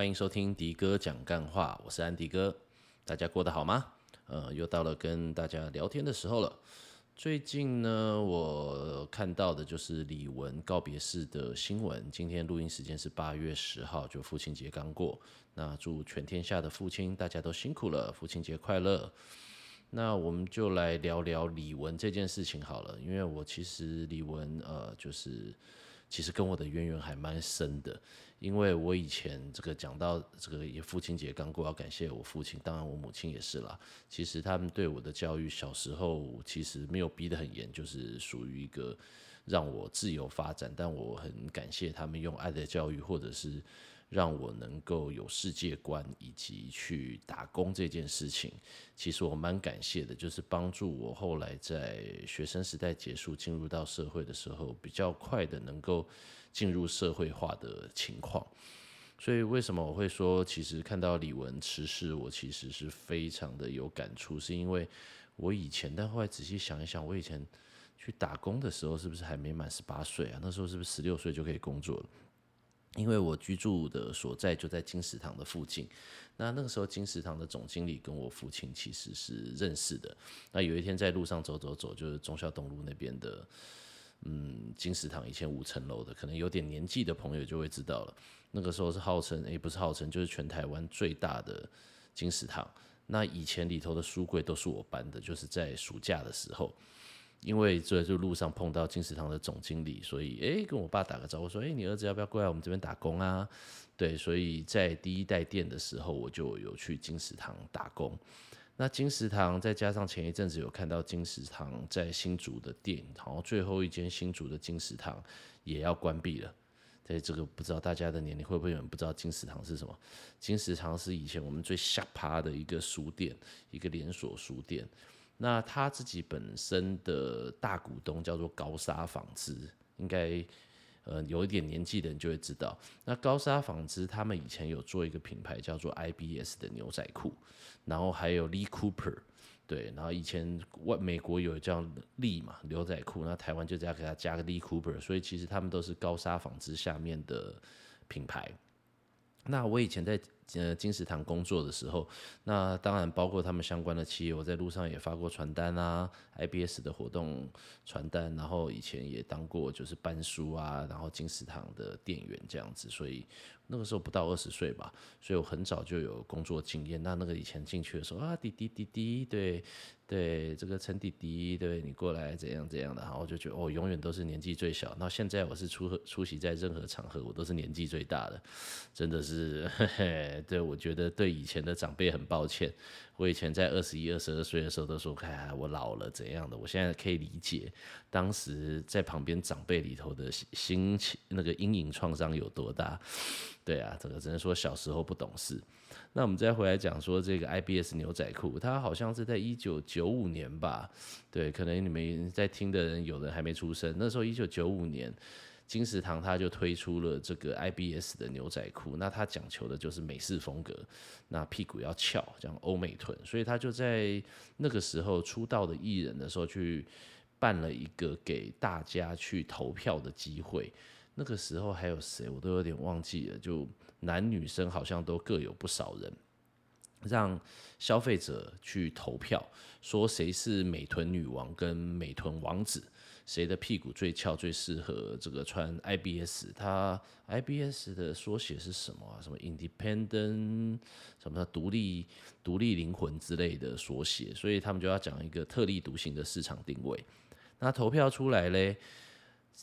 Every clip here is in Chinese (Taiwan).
歡迎收聽迪哥講幹話，我是安迪哥，大家過得好嗎？呃，又到了跟大家聊天的時候了。最近呢，我看到的就是李玟告別式的新聞。今天錄音時間是八月十號，就父親節剛過。那祝全天下的父親大家都辛苦了，父親節快樂。那我們就來聊聊李玟這件事情好了，因為我其實李玟呃就是。其實跟我的淵源還蠻深的，因為我以前這個講到這個也父親節剛過，要感謝我父親，當然我母親也是啦。其實他們對我的教育，小時候其實沒有逼得很嚴，就是屬於一個讓我自由發展，但我很感謝他們用愛的教育，或者是。讓我能夠有世界觀，以及去打工這件事情，其實我蠻感謝的，就是幫助我後來在學生時代結束，進入到社會的時候，比較快的能夠進入社會化的情況。所以為什麼我會說，其實看到李玟辭世我，我其實是非常的有感觸，是因為我以前，但後來仔細想一想，我以前去打工的時候，是不是還沒滿十八歲啊？那時候是不是十六歲就可以工作了？因為我居住的所在就在金石堂的附近，那那個時候金石堂的總經理跟我父親其實是認識的。那有一天在路上走走走，就是忠孝東路那邊的，嗯，金石堂以前五層樓的，可能有點年紀的朋友就會知道了。那個時候是號稱，誒，不是號稱，就是全台灣最大的金石堂。那以前裡頭的書櫃都是我搬的，就是在暑假的時候。因為就是路上碰到金石堂的總經理，所以哎、欸、跟我爸打個招呼，我說哎、欸、你兒子要不要過來我們這邊打工啊？對，所以在第一代店的時候我就有去金石堂打工。那金石堂再加上前一陣子有看到金石堂在新竹的店，然後最後一間新竹的金石堂也要關閉了。對，這個不知道大家的年齡會不會有人不知道金石堂是什麼？金石堂是以前我們最下趴的一個書店，一個連鎖書店。那他自己本身的大股東叫做高砂紡織，應該呃有一點年紀的人就會知道。那高砂紡織他們以前有做一個品牌叫做 IBS 的牛仔褲，然後還有 Lee Cooper，對，然後以前外美國有叫 Lee 嘛牛仔褲，那台灣就這樣給他加個 Lee Cooper，所以其實他們都是高砂紡織下面的品牌。那我以前在。呃，金石堂工作的時候，那當然包括他們相關的企業，我在路上也發過傳單啊，IBS 的活動傳單，然後以前也當過就是搬書啊，然後金石堂的店員這樣子，所以那個時候不到二十歲吧，所以我很早就有工作經驗。那那個以前進去的時候啊，滴滴滴滴，對。對這個陳弟弟，對你過來怎樣怎樣的，然後就覺得我、哦、永遠都是年紀最小。那現在我是出出席在任何場合，我都是年紀最大的，真的是，嘿嘿，對，我覺得對以前的長輩很抱歉。我以前在二十一、二十二歲的時候都說，哎呀，我老了怎樣的？我現在可以理解，當時在旁邊長輩裡頭的心情，那個陰影創傷有多大？對啊，這個只能說小時候不懂事。那我們再回來講說這個 I B S 牛仔褲，它好像是在一九九五年吧，對，可能你們在聽的人有的人還沒出生。那時候一九九五年，金石堂他就推出了這個 I B S 的牛仔褲，那他講求的就是美式風格，那屁股要翹，這樣歐美臀，所以他就在那個時候出道的藝人的時候，去辦了一個給大家去投票的機會。那個時候還有誰，我都有點忘記了，就。男女生好像都各有不少人，讓消費者去投票，說誰是美臀女王跟美臀王子，誰的屁股最翹，最適合這個穿 IBS。它 IBS 的縮寫是什麼啊？什麼 Independent？什麼獨立、獨立靈魂之類的縮寫？所以他們就要講一個特立獨行的市場定位。那投票出來嘞？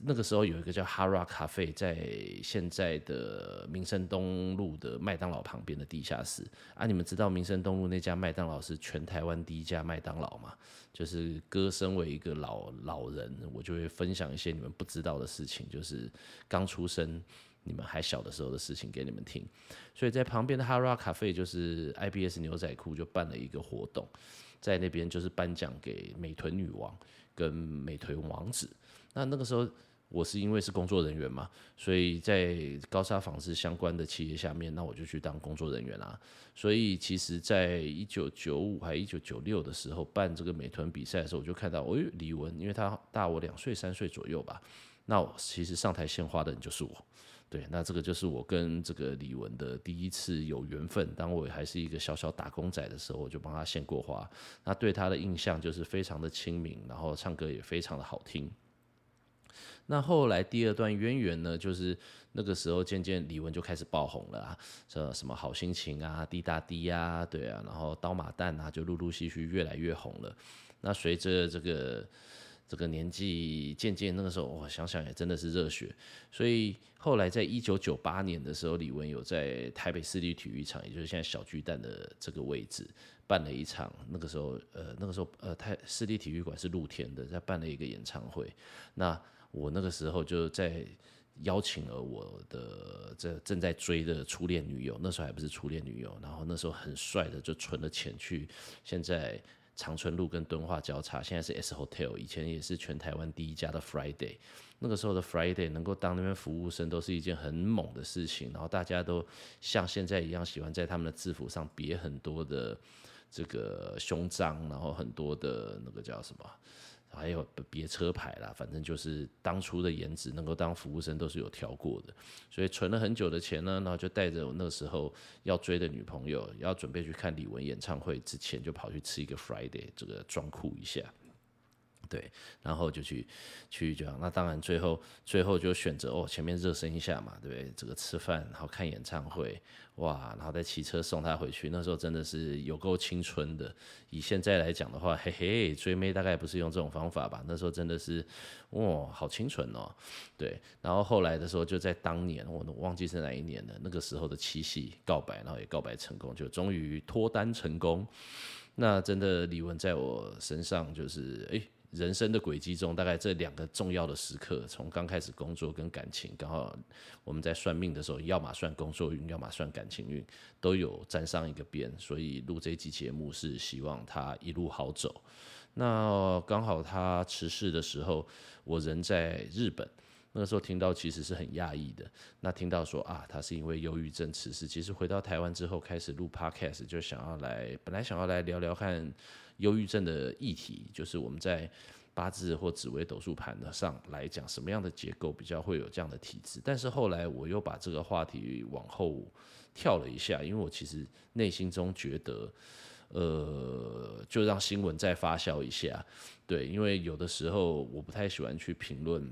那個時候有一個叫哈拉咖啡，在現在的民生東路的麥當勞旁邊的地下室啊，你們知道民生東路那家麥當勞是全台灣第一家麥當勞嗎？就是哥身為一個老老人，我就會分享一些你們不知道的事情，就是剛出生、你們還小的時候的事情給你們聽。所以在旁邊的哈拉咖啡，就是 IBS 牛仔褲就辦了一個活動，在那邊就是頒獎給美臀女王跟美臀王子。那那個時候。我是因為是工作人員嘛，所以在高砂紡織相關的企業下面，那我就去當工作人員啦。所以其實，在一九九五還一九九六的時候辦這個美團比賽的時候，我就看到、哎，李玟，因為他大我兩歲三歲左右吧。那其實上台獻花的人就是我，對，那這個就是我跟這個李玟的第一次有緣分。當我還是一個小小打工仔的時候，我就幫他獻過花。那對他的印象就是非常的親民，然後唱歌也非常的好聽。那後來第二段淵源呢，就是那個時候漸漸李玟就開始爆紅了啊，這什麼好心情啊，滴答滴呀，啊，對啊，然後刀馬旦啊就陸陸續續越來越紅了。那隨着這個這個年紀漸漸，那個時候我、哦、想想也真的是熱血，所以後來在一九九八年的時候，李玟有在台北市立體育場，也就是現在小巨蛋的這個位置辦了一場，那個時候呃那個時候呃台市立體育館是露天的，在辦了一個演唱會，那，我那個時候就在邀請了我的這正在追的初戀女友，那時候還不是初戀女友，然後那時候很帥的就存了錢去，現在長春路跟敦化交叉，現在是 S Hotel，以前也是全台灣第一家的 Friday，那個時候的 Friday 能夠當那邊服務生都是一件很猛的事情，然後大家都像現在一樣喜歡在他們的制服上別很多的這個胸章，然後很多的那個叫什麼？還有別車牌啦，反正就是當初的顏值能夠當服務生都是有挑過的，所以存了很久的錢呢、啊，然後就帶着我那時候要追的女朋友，要準備去看李玟演唱會之前，就跑去吃一個 Friday，這個裝酷一下。對，然後就去去這樣，那當然最後最後就選擇哦，前面熱身一下嘛，對不對？這個吃飯，然後看演唱會，哇，然後再騎車送他回去。那時候真的是有夠青春的。以現在來講的話，嘿嘿，追妹大概不是用這種方法吧？那時候真的是，哇、哦，好清純哦。對，然後後來的時候就在當年，我都忘記是哪一年了。那個時候的七夕告白，然後也告白成功，就終於脫單成功。那真的李玟在我身上就是，哎、欸。人生的軌跡中，大概這兩個重要的時刻，從剛開始工作跟感情，剛好我們在算命的時候，要麼算工作運，要麼算感情運，都有沾上一個邊。所以錄這一集節目是希望他一路好走。那剛好他辭世的時候，我人在日本，那個時候聽到其實是很壓抑的。那聽到說啊，他是因為憂鬱症辭世。其實回到台灣之後，開始錄 Podcast，就想要來，本來想要來聊聊看。憂鬱症的議題，就是我們在八字或紫微斗數盤的上來講，什麼樣的結構比較會有這樣的體質？但是後來我又把這個話題往後跳了一下，因為我其實內心中覺得，呃，就讓新聞再發酵一下，對，因為有的時候我不太喜歡去評論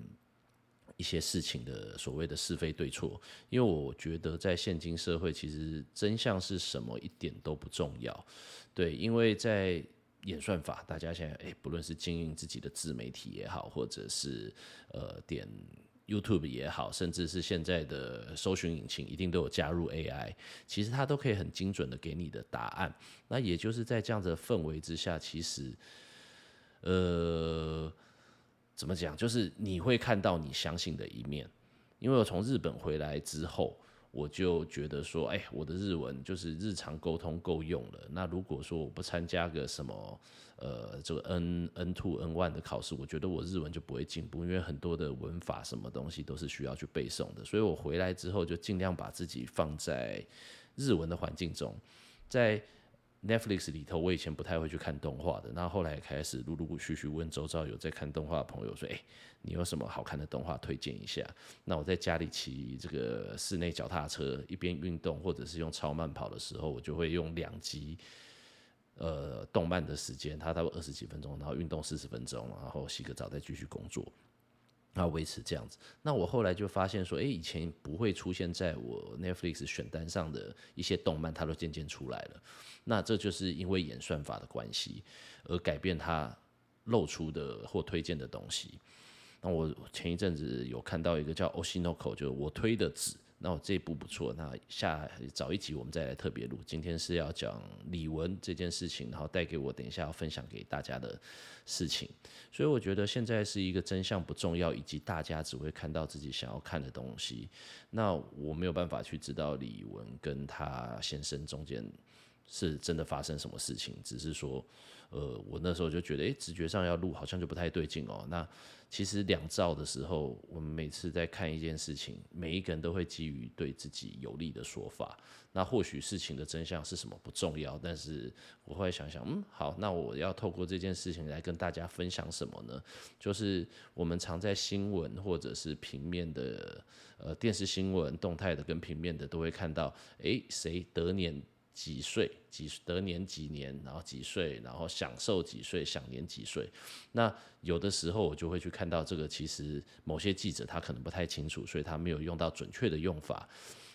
一些事情的所謂的是非對錯，因為我覺得在現今社會，其實真相是什麼一點都不重要，對，因為在演算法，大家現在誒、欸，不論是經營自己的自媒體也好，或者是呃點 YouTube 也好，甚至是現在的搜尋引擎，一定都有加入 AI，其實它都可以很精準的給你的答案。那也就是在這樣子的氛圍之下，其實，呃，怎麼講，就是你會看到你相信的一面，因為我從日本回來之後。我就覺得說，哎、欸，我的日文就是日常溝通夠用了。那如果說我不參加個什麼，呃，這個 N N 2 N 1的考試，我覺得我日文就不會進步，因為很多的文法什麼東西都是需要去背誦的。所以我回來之後就盡量把自己放在日文的環境中，在。Netflix 裡頭，我以前不太會去看動畫的，那後來開始陸陸續續問周遭有在看動畫的朋友說：“哎、欸，你有什麼好看的動畫推薦一下？”那我在家裡騎這個室內腳踏車一邊運動，或者是用超慢跑的時候，我就會用兩集，呃，動漫的時間，它大概二十幾分鐘，然後運動四十分鐘，然後洗個澡再繼續工作。那維持這樣子，那我後來就發現說，誒、欸，以前不會出現在我 Netflix 選單上的一些動漫，它都漸漸出來了。那這就是因為演算法的關係，而改變它露出的或推薦的東西。那我前一陣子有看到一個叫 Oshinoko，就是我推的紙。那我這一部不錯，那下一早一集我們再來特別錄。今天是要講李玟這件事情，然後帶給我，等一下要分享給大家的事情。所以我覺得現在是一個真相不重要，以及大家只會看到自己想要看的東西。那我沒有辦法去知道李玟跟他先生中間。是真的發生什麼事情，只是說，呃，我那時候就覺得，哎、欸，直覺上要錄好像就不太對勁哦、喔。那其實兩造的時候，我們每次在看一件事情，每一個人都會基於對自己有利的說法。那或許事情的真相是什麼不重要，但是我後來想想，嗯，好，那我要透過這件事情來跟大家分享什麼呢？就是我們常在新聞或者是平面的，呃，電視新聞、動態的跟平面的都會看到，哎、欸，誰得年。幾歲幾得年幾年，然後幾歲，然後享壽幾歲，享年幾歲。那有的時候我就會去看到這個，其實某些記者他可能不太清楚，所以他沒有用到準確的用法。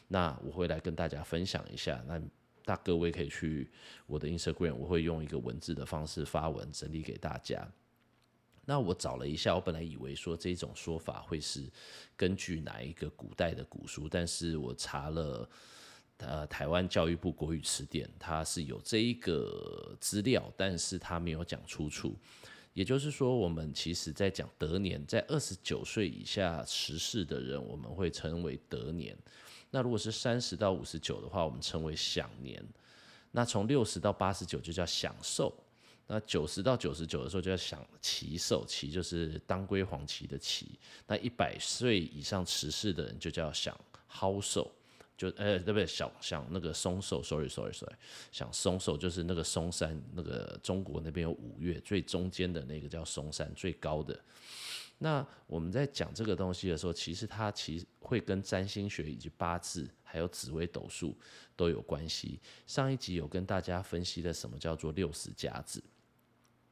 那我會來跟大家分享一下，那大各位可以去我的 Instagram，我會用一個文字的方式發文整理給大家。那我找了一下，我本來以為說這種說法會是根據哪一個古代的古書，但是我查了。呃，台灣教育部國語詞典它是有這一個資料，但是它沒有講出處。也就是說，我們其實在講得年，在二十九歲以下辭世的人，我們會稱為得年。那如果是三十到五十九的話，我們稱為享年。那從六十到八十九就叫享壽；那九十到九十九的時候就叫享耆壽，耆就是當歸黃耆的耆。那一百歲以上辭世的人就叫享嵩壽。就呃、欸，對不對？想想那個嵩壽，sorry, sorry, sorry. 想嵩壽就是那個嵩山，那個中國那邊有五岳，最中間的那個叫嵩山，最高的。那我們在講這個東西的時候，其實它其實會跟占星學以及八字還有紫微斗數都有關係。上一集有跟大家分析了什麼叫做六十甲子。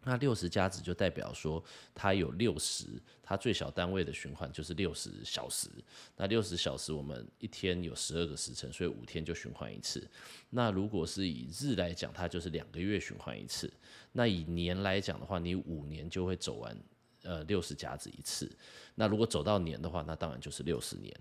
那六十甲子就代表說，它有六十，它最小單位的循環就是六十小時。那六十小時，我們一天有十二個時辰，所以五天就循環一次。那如果是以日來講，它就是兩個月循環一次。那以年來講的話，你五年就會走完呃六十甲子一次。那如果走到年的話，那當然就是六十年。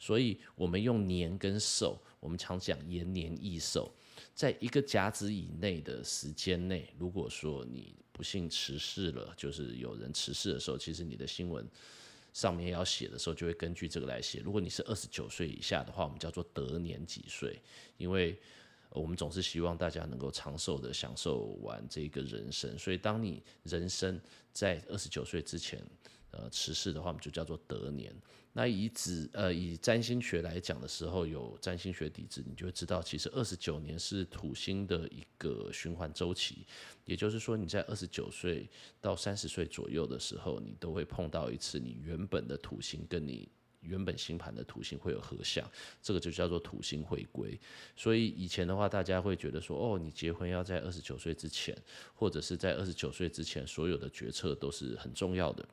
所以我們用年跟壽，我們常講延年益壽，在一個甲子以內的時間內，如果說你。不幸辭世了，就是有人辭世的時候，其實你的新聞上面要寫的時候，就會根據這個來寫。如果你是二十九歲以下的話，我們叫做得年幾歲，因為我們總是希望大家能夠長壽地享受完這個人生，所以當你人生在二十九歲之前。呃，逝世的話，我們就叫做得年。那以子呃，以占星學來講的時候，有占星學底子，你就會知道，其實二十九年是土星的一個循環週期。也就是說，你在二十九歲到三十歲左右的時候，你都會碰到一次你原本的土星跟你原本星盤的土星會有合相，這個就叫做土星回歸。所以以前的話，大家會覺得說，哦，你結婚要在二十九歲之前，或者是在二十九歲之前，所有的決策都是很重要的。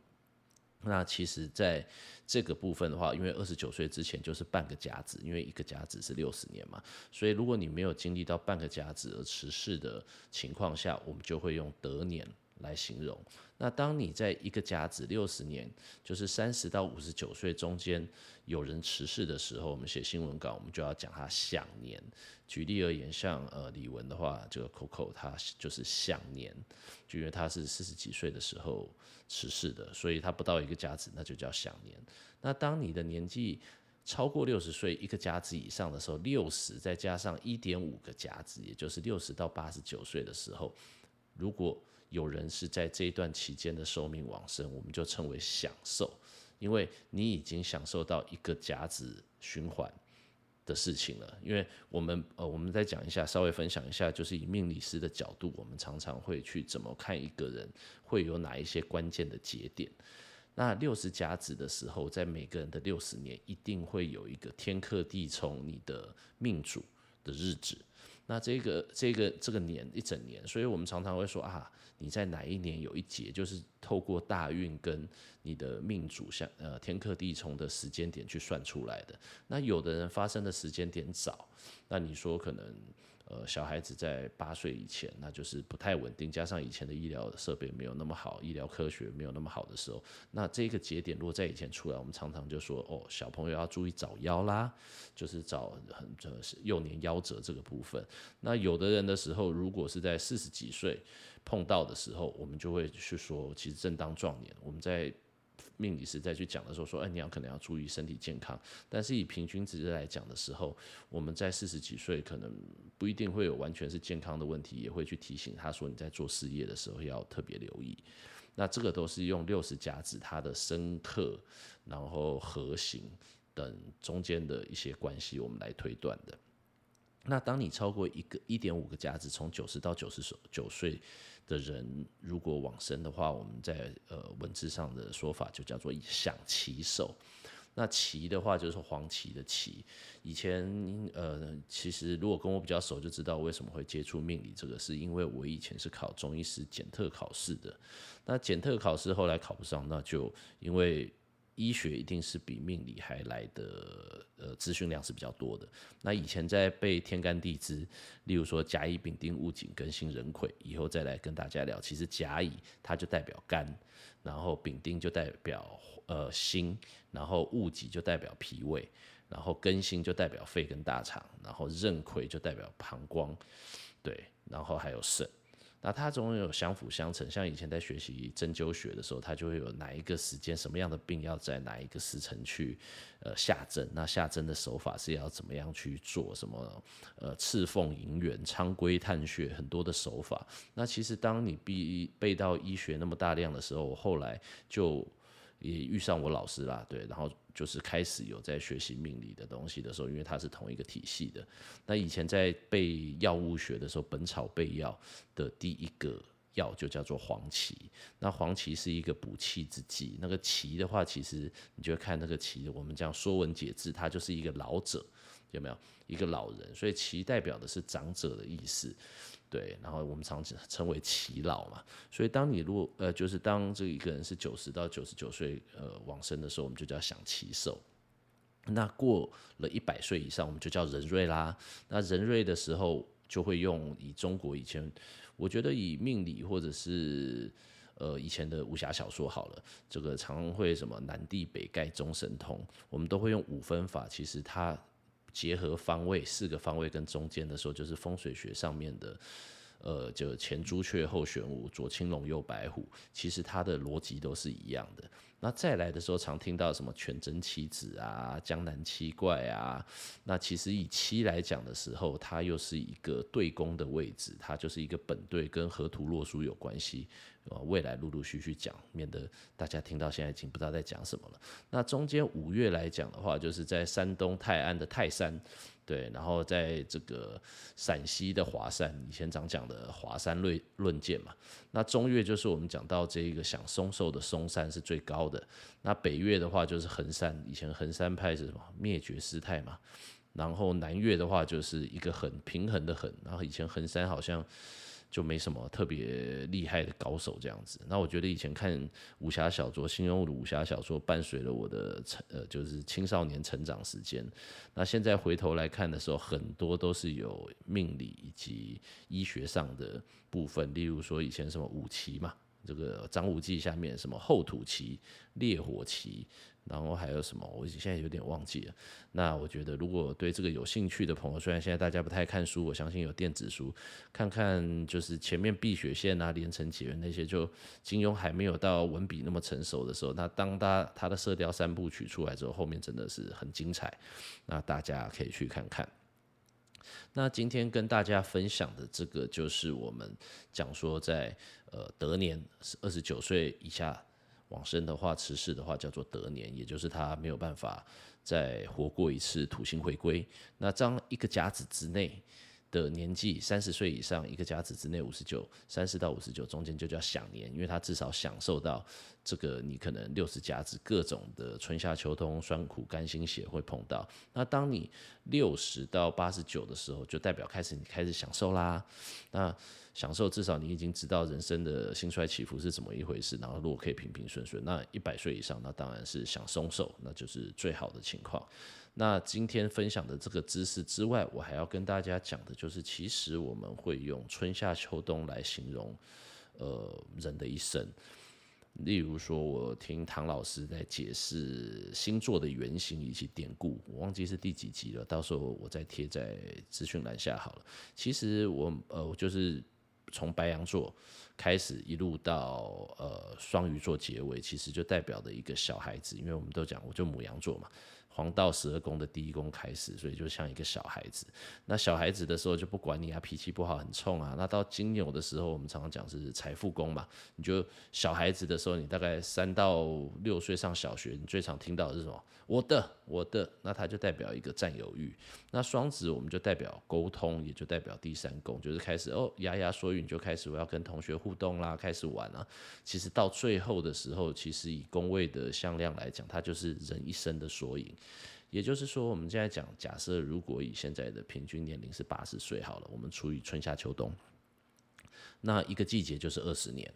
那其實，在這個部分的話，因為二十九歲之前就是半個甲子，因為一個甲子是六十年嘛，所以如果你沒有經歷到半個甲子而逝世的情況下，我們就會用得年。來形容。那當你在一個甲子六十年，就是三十到五十九歲中間有人辭世的時候，我們寫新聞稿，我們就要講他享年。舉例而言，像呃李玟的話，這個 Coco 他就是享年，就因為他是四十幾歲的時候辭世的，所以他不到一個甲子，那就叫享年。那當你的年紀超過六十歲一個甲子以上的時候，六十再加上一點五個甲子，也就是六十到八十九歲的時候，如果有人是在這一段期間的壽命往生，我們就稱為享壽，因為你已經享受到一個甲子循環的事情了。因為我們呃，我們再講一下，稍微分享一下，就是以命理師的角度，我們常常會去怎麼看一個人會有哪一些關鍵的節點。那六十甲子的時候，在每個人的六十年，一定會有一個天克地沖你的命主的日子。那這個這個這個年一整年，所以我們常常會說啊，你在哪一年有一劫，就是透過大運跟你的命主相呃天克地衝的時間點去算出來的。那有的人發生的時間點早，那你說可能，呃，小孩子在八歲以前，那就是不太穩定，加上以前的醫療設備沒有那麼好，醫療科學沒有那麼好的時候，那這個節點如果在以前出來，我們常常就說哦，小朋友要注意早夭啦，就是早很幼，呃、年夭折這個部分。那有的人的時候，如果是在四十幾歲碰到的時候，我們就會去說，其實正當壯年，我們在。命理師在去講的時候，說，哎，你要可能要注意身體健康。但是以平均值來講的時候，我們在四十幾歲，可能不一定會有完全是健康的問題，也會去提醒他說，你在做事業的時候要特別留意。那這個都是用六十甲子它的生剋，然後合刑等中間的一些關係，我們來推斷的。那當你超過一個一點五個甲子，從九十到九十九歲的人，如果往生的話，我們在呃文字上的說法就叫做享耆壽。那耆的話就是黃芪的芪。以前呃，其實如果跟我比較熟，就知道我為什麼會接觸命理這個，是因為我以前是考中醫師檢特考試的。那檢特考試後來考不上，那就因為。醫學一定是比命理還來的呃資訊量是比較多的。那以前在背天干地支，例如說甲乙丙丁戊己庚辛壬癸，以後再來跟大家聊。其實甲乙它就代表肝，然後丙丁就代表呃心，然後戊己就代表脾胃，然後庚辛就代表肺跟大腸，然後壬癸就代表膀胱，對，然後還有腎。那它總有相輔相成，像以前在學習針灸學的時候，它就會有哪一個時間，什麼樣的病要在哪一個時辰去呃下針，那下針的手法是要怎麼樣去做？什麼呃赤鳳、迎源、蒼龜、探穴，很多的手法。那其實當你畢背到醫學那麼大量的時候，我後來就也遇上我老師啦，對，然後。就是開始有在學習命理的東西的時候，因為它是同一個體系的。那以前在背藥物學的時候，《本草備要》的第一個藥就叫做黃耆。那黃耆是一個補氣之劑。那個“耆”的話，其實你就會看那個“耆”，我們講《說文解字》，它就是一個老者，有沒有？一個老人，所以“耆”代表的是長者的意思。對，然後我們常常稱為耆老嘛，所以當你如果呃，就是當這一個人是九十到九十九歲呃往生的時候，我們就叫享耆壽。那過了一百歲以上，我們就叫人瑞啦。那人瑞的時候，就會用以中國以前，我覺得以命理或者是呃以前的武俠小說好了，這個常會什麼南帝北丐中神通，我們都會用五分法，其實它。結合方位，四個方位跟中間的時候，就是風水學上面的，呃，就前朱雀後玄武，左青龍右白虎，其實它的邏輯都是一樣的。那再來的時候，常聽到什麼全真七子啊、江南七怪啊。那其實以“七”來講的時候，它又是一個對宮的位置，它就是一個本隊跟河圖洛書有關係。呃、啊，未來陸陸續續講，免得大家聽到現在已經不知道在講什麼了。那中間五嶽來講的話，就是在山東泰安的泰山。對，然後在這個陝西的華山，以前常講的華山論論劍嘛。那中岳就是我們講到這個享嵩壽的嵩山是最高的。那北岳的話就是恆山，以前恆山派是什麼滅絕師太嘛。然後南岳的話就是一個很平衡的衡。然後以前恆山好像。就沒什麼特別厲害的高手這樣子。那我覺得以前看武俠小說，金庸的武俠小說，伴隨了我的成呃，就是青少年成長時間。那現在回頭來看的時候，很多都是有命理以及醫學上的部分，例如說以前什麼五旗嘛，這個張無忌下面什麼厚土旗、烈火旗。然後還有什麼？我現在有點忘記了。那我覺得，如果對這個有興趣的朋友，雖然現在大家不太看書，我相信有電子書，看看就是前面《碧血劍》啊、《連城訣》那些，就金庸還沒有到文筆那麼成熟的時候。那當他他的《射雕三部曲》出來之後，後面真的是很精彩。那大家可以去看看。那今天跟大家分享的這個，就是我們講說在呃，得年二十九歲以下。往生的話，辭世的話，叫做得年，也就是他沒有辦法再活過一次土星回歸。那這樣一個甲子之內。的年紀三十歲以上，一個甲子之內五十九，三十到五十九中間就叫享年，因為他至少享受到這個你可能六十甲子各種的春夏秋冬酸苦甘辛鹹，會碰到。那當你六十到八十九的時候，就代表開始你開始享壽啦。那享壽至少你已經知道人生的興衰起伏是怎麼一回事。然後如果可以平平順順，那一百歲以上那當然是享嵩壽，那就是最好的情況。那今天分享的這個知識之外，我還要跟大家講的就是，其實我們會用春夏秋冬來形容，呃，人的一生。例如說，我聽唐老師在解釋星座的原型以及典故，我忘記是第幾集了，到時候我再貼在資訊欄下好了。其實我呃，我就是從白羊座開始，一路到呃雙魚座結尾，其實就代表的一個小孩子，因為我們都講我就牡羊座嘛。黃道十二宮的第一宮開始，所以就像一個小孩子。那小孩子的時候就不管你啊，脾氣不好很衝啊。那到金牛的時候，我們常常講是財富宮嘛。你就小孩子的時候，你大概三到六歲上小學，你最常聽到的是什麼？我的，我的。那它就代表一個佔有慾。那雙子我們就代表溝通，也就代表第三宮，就是開始哦，牙牙說語，你就開始我要跟同學互動啦，開始玩啦、啊。其實到最後的時候，其實以宮位的向量來講，它就是人一生的縮影。也就是說，我們現在講，假設如果以現在的平均年齡是八十歲好了，我們除以春夏秋冬，那一個季節就是二十年。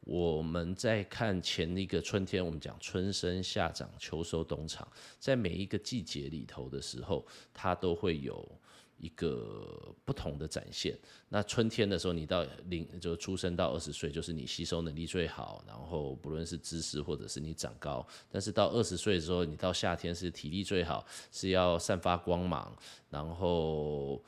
我們再看前一個春天，我們講春生夏長秋收冬藏，在每一個季節裡頭的時候，它都會有。一個不同的展現。那春天的時候，你到零，就出生到二十歲，就是你吸收能力最好，然後不論是知識或者是你長高。但是到二十歲的時候，你到夏天是體力最好，是要散發光芒，然後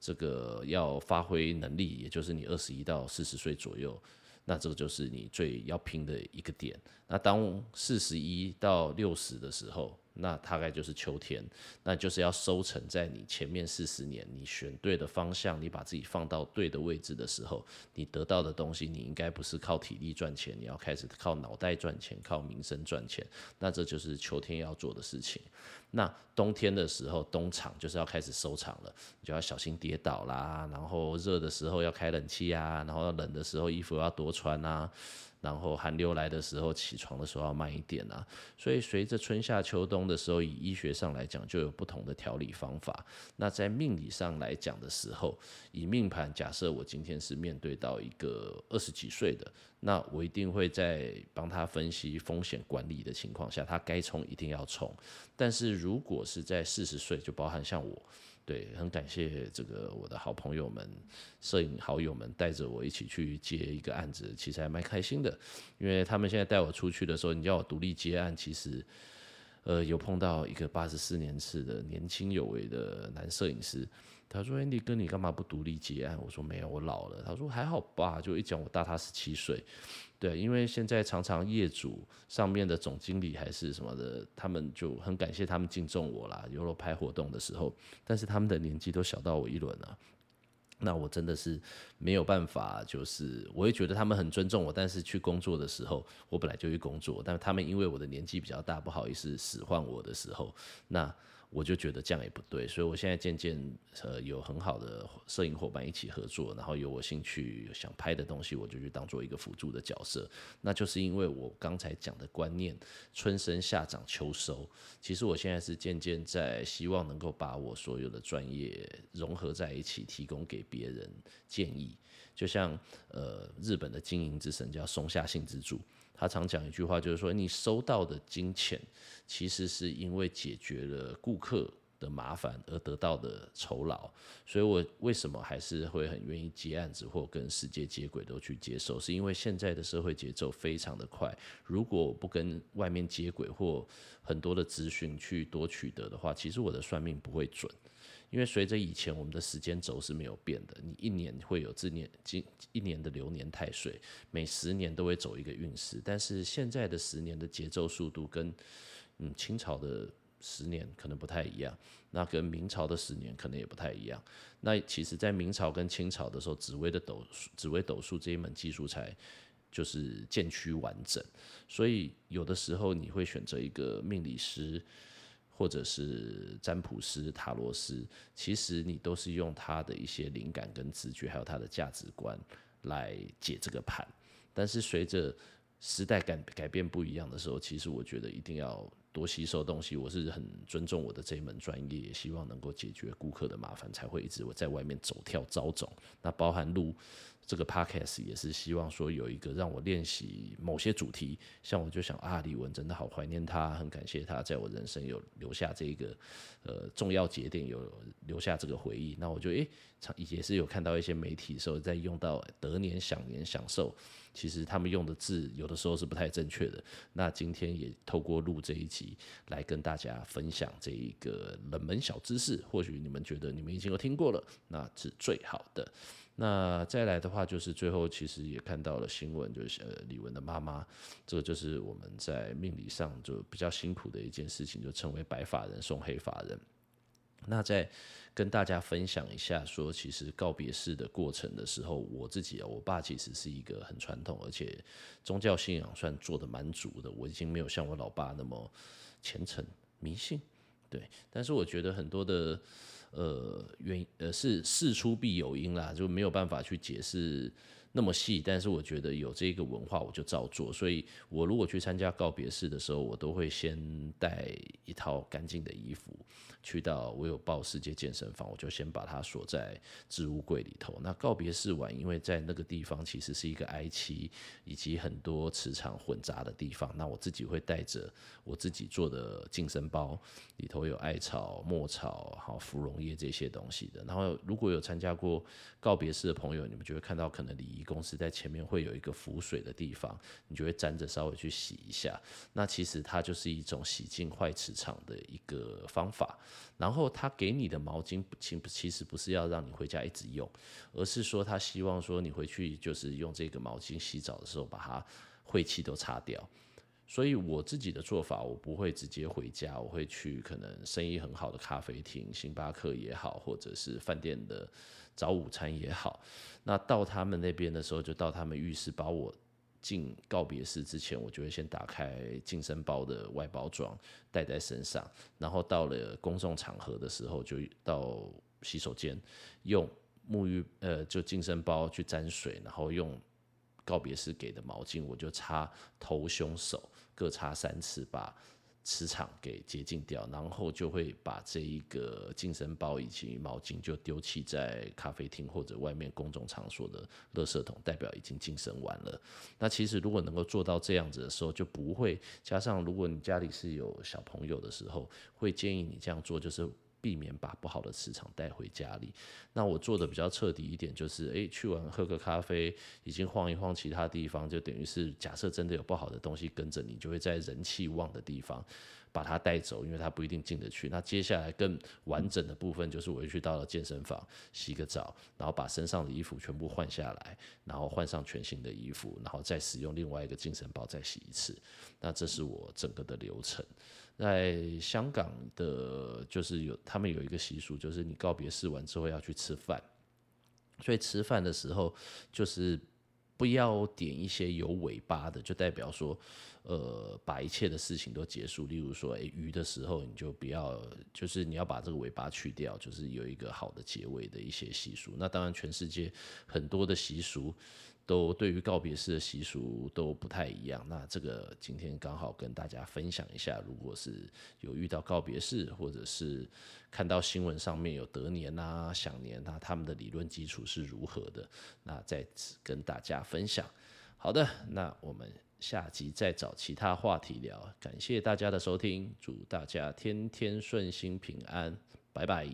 這個要發揮能力，也就是你二十一到四十歲左右，那這個就是你最要拼的一個點。那當四十一到六十的時候。那大概就是秋天，那就是要收成。在你前面四十年，你選對的方向，你把自己放到對的位置的時候，你得到的東西，你應該不是靠體力賺錢，你要開始靠腦袋賺錢，靠名聲賺錢。那這就是秋天要做的事情。那冬天的時候，冬場就是要開始收場了，你就要小心跌倒啦。然後熱的時候要開冷氣啊，然後冷的時候衣服要多穿啊。然後寒流來的時候，起床的時候要慢一點啊。所以隨着春夏秋冬的時候，以醫學上來講，就有不同的調理方法。那在命理上來講的時候，以命盤，假設我今天是面對到一個二十幾歲的，那我一定會在幫他分析風險管理的情況下，他該衝一定要衝。但是如果是在四十歲，就包含像我。對，很感謝這個我的好朋友們、攝影好友們帶着我一起去接一個案子，其實還蠻開心的，因為他們現在帶我出去的時候，你叫我獨立接案，其實。呃，有碰到一個八十四年次的年輕有為的男攝影師，他說：“Andy 哥，你幹嘛不獨立接案？”我說：“沒有，我老了。”他說：“還好吧。”就一講我大他十七歲，對，因為現在常常業主上面的總經理還是什麼的，他們就很感謝他們敬重我啦。有了拍活動的時候，但是他們的年紀都小到我一輪了、啊。那我真的是沒有辦法，就是我也覺得他們很尊重我，但是去工作的時候，我本來就去工作，但他們因為我的年紀比較大，不好意思使喚我的時候，那。我就覺得這樣也不對，所以我現在漸漸呃有很好的攝影夥伴一起合作，然後有我興趣有想拍的東西，我就去當做一個輔助的角色。那就是因為我剛才講的觀念，春生夏長秋收，其實我現在是漸漸在希望能夠把我所有的專業融合在一起，提供給別人建議。就像呃，日本的經營之神叫松下幸之助，他常講一句話，就是說你收到的金錢，其實是因為解決了顧客的麻煩而得到的酬勞。所以我為什麼還是會很願意接案子或跟世界接軌都去接受，是因為現在的社會節奏非常的快，如果我不跟外面接軌或很多的資訊去多取得的話，其實我的算命不會準。因為隨着以前我們的時間軸是沒有變的，你一年會有這年一一年的流年太歲，每十年都會走一個運勢，但是現在的十年的節奏速度跟嗯清朝的十年可能不太一樣，那跟明朝的十年可能也不太一樣。那其實，在明朝跟清朝的時候，紫微的斗紫微斗數這一門技術才就是漸趨完整，所以有的時候你會選擇一個命理師。或者是占卜師塔羅師，其實你都是用他的一些靈感跟直覺，還有他的價值觀來解這個盤。但是隨着時代改改變不一樣的時候，其實我覺得一定要。多吸收東西，我是很尊重我的這一門專業，也希望能夠解決顧客的麻煩，才會一直我在外面走跳招走。那包含錄這個 Podcast 也是希望說有一個讓我練習某些主題，像我就想啊，李玟真的好懷念他，很感謝他在我人生有留下這個呃重要節點，有留下這個回憶。那我就誒、欸，也是有看到一些媒體的時候在用到得年、享年、享壽。其實他們用的字有的時候是不太正確的。那今天也透過錄這一集來跟大家分享這一個冷門小知識。或許你們覺得你們已經都聽過了，那是最好的。那再來的話就是最後，其實也看到了新聞，就是呃李玟的媽媽，這個就是我們在命理上就比較辛苦的一件事情，就稱為白髮人送黑髮人。那再跟大家分享一下，說其實告別式的過程的時候，我自己啊，我爸，其實是一個很傳統，而且宗教信仰算做得蠻足的。我已經沒有像我老爸那麼虔誠迷信，對。但是我覺得很多的呃原因呃是事出必有因啦，就沒有辦法去解釋。那麼細，但是我覺得有這個文化，我就照做。所以我如果去參加告別式的時候，我都會先帶一套乾淨的衣服去到，我有報世界健身房，我就先把它鎖在置物櫃裡頭。那告別式完，因為在那個地方其實是一個哀戚以及很多磁場混雜的地方，那我自己會帶着我自己做的淨身包，裡頭有艾草、墨草、好芙蓉葉這些東西的。然後如果有參加過告別式的朋友，你們就會看到可能離。公司在前面會有一個浮水的地方，你就會沾着稍微去洗一下。那其實它就是一種洗淨壞磁場的一個方法。然後他給你的毛巾，其其實不是要讓你回家一直用，而是說他希望說你回去就是用這個毛巾洗澡的時候把它晦氣都擦掉。所以我自己的做法，我不會直接回家，我會去可能生意很好的咖啡廳、星巴克也好，或者是飯店的。早午餐也好，那到他們那邊的時候，就到他們浴室，把我進告別式之前，我就會先打開淨身包的外包裝，帶在身上。然後到了公眾場合的時候，就到洗手間，用沐浴呃，就淨身包去沾水，然後用告別式給的毛巾，我就擦頭、胸、手各擦三次吧。磁場給潔淨掉，然後就會把這一個淨身包以及毛巾就丟棄在咖啡廳或者外面公眾場所的垃圾桶，代表已經淨身完了。那其實如果能夠做到這樣子的時候，就不會加上。如果你家裡是有小朋友的時候，會建議你這樣做，就是。避免把不好的磁場帶回家裡。那我做的比較徹底一點，就是，哎、欸，去完喝個咖啡，已經晃一晃其他地方，就等於是假設真的有不好的東西跟着你，就會在人氣旺的地方，把它帶走，因為它不一定進得去。那接下來更完整的部分就是我又去到了健身房，洗個澡，然後把身上的衣服全部換下來，然後換上全新的衣服，然後再使用另外一個精神包再洗一次。那這是我整個的流程。在香港的，就是有他們有一個習俗，就是你告別式完之後要去吃飯，所以吃飯的時候就是。不要點一些有尾巴的，就代表說，呃，把一切的事情都結束。例如說，欸，魚的時候你就不要，就是你要把這個尾巴去掉，就是有一個好的結尾的一些習俗。那當然，全世界很多的習俗。都對於告別式的習俗都不太一樣，那這個今天剛好跟大家分享一下，如果是有遇到告別式，或者是看到新聞上面有得年啊、享年啊，他們的理論基礎是如何的，那在此跟大家分享。好的，那我們下集再找其他話題聊，感謝大家的收聽，祝大家天天順心平安，拜拜。